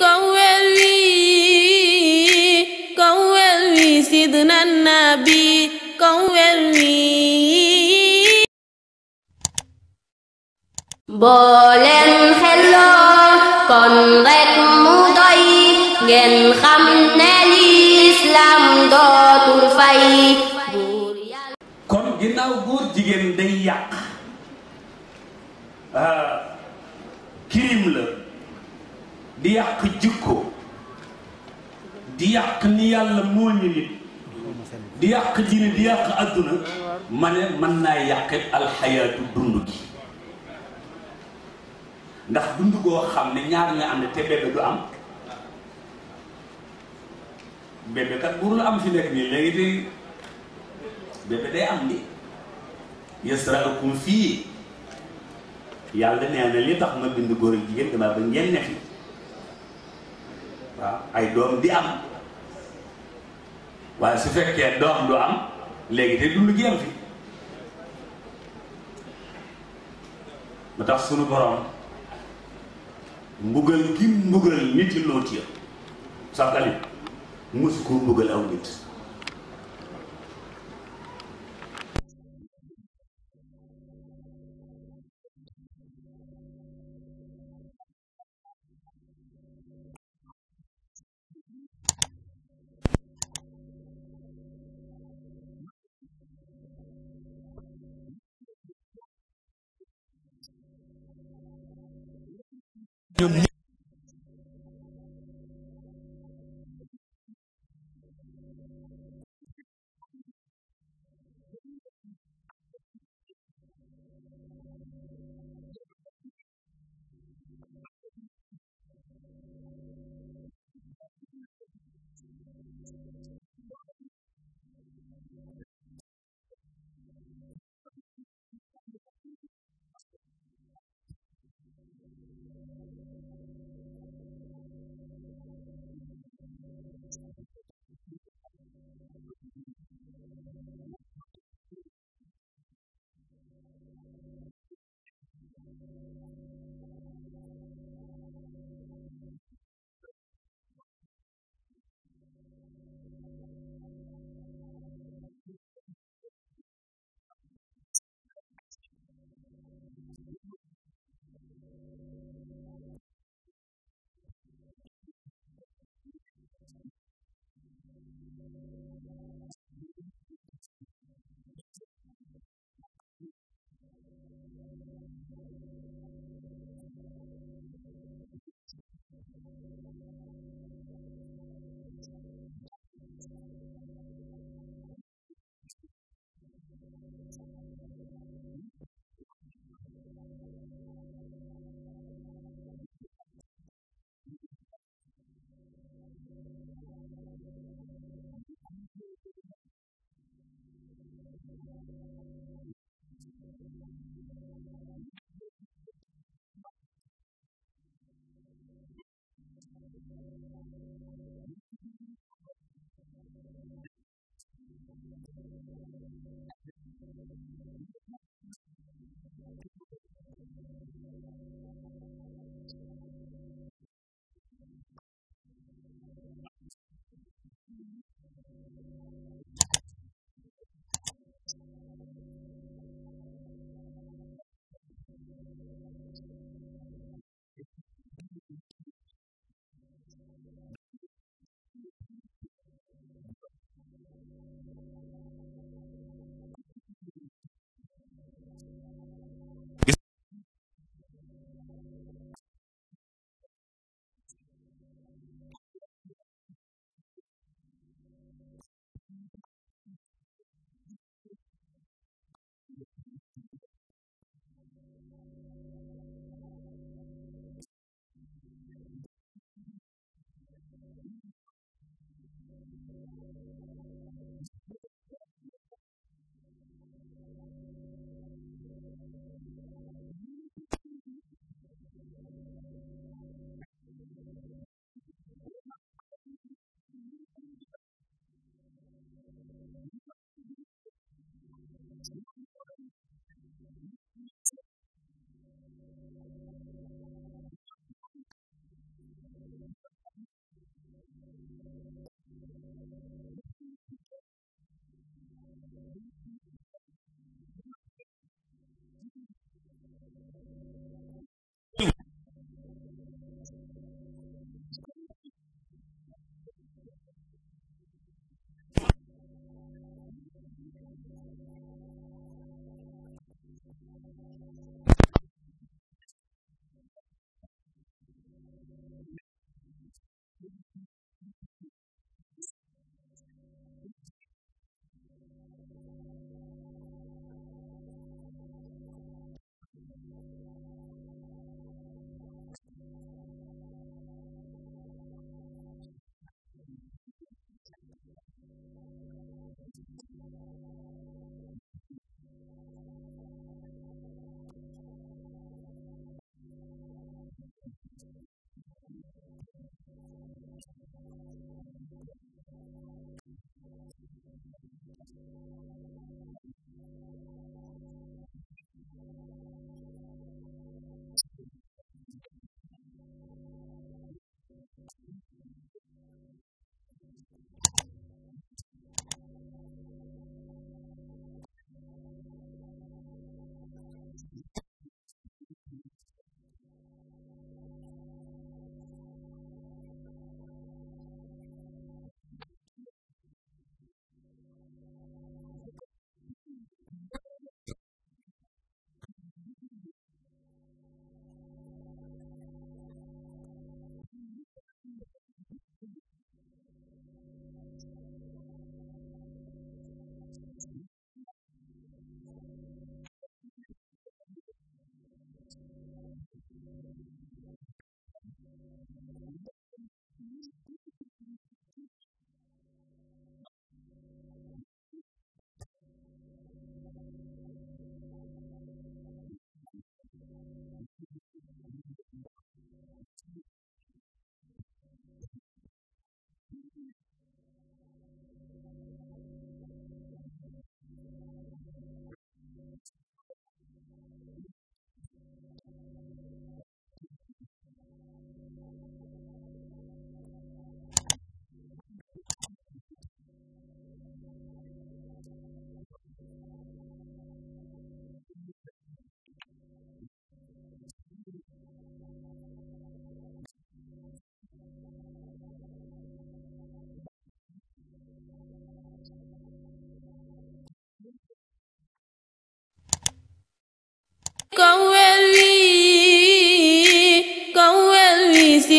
kaw weer wi kaw weer nabi kaw weer wi boo leen kon rek mu doy ngeen xam ne lislaam dootul fay kon ginnaaw góor jigéen day yàq di yàq jikko di yàq ni yàlla moo ñu nit di yàq diine di yàq adduna ma ne mën naa yàqit alxayaatu dund gi ndax dund goo xam ne ñaar nga ànd te bébé du am bébé kat buur la am fi nekk nii léegi tey bébé day am ni yasraakum fii yàlla nee na li tax ma bind góor ak jigéen damaa ba ngeen ne fi waaw ay doom di am waaye su fekkee doom du am léegi te dund gi am fi mu tax sunu borom mbugal gi mbugal nit yi loo tiya sax ali mosu ko mbugal aw nit ñoom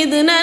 سيدنا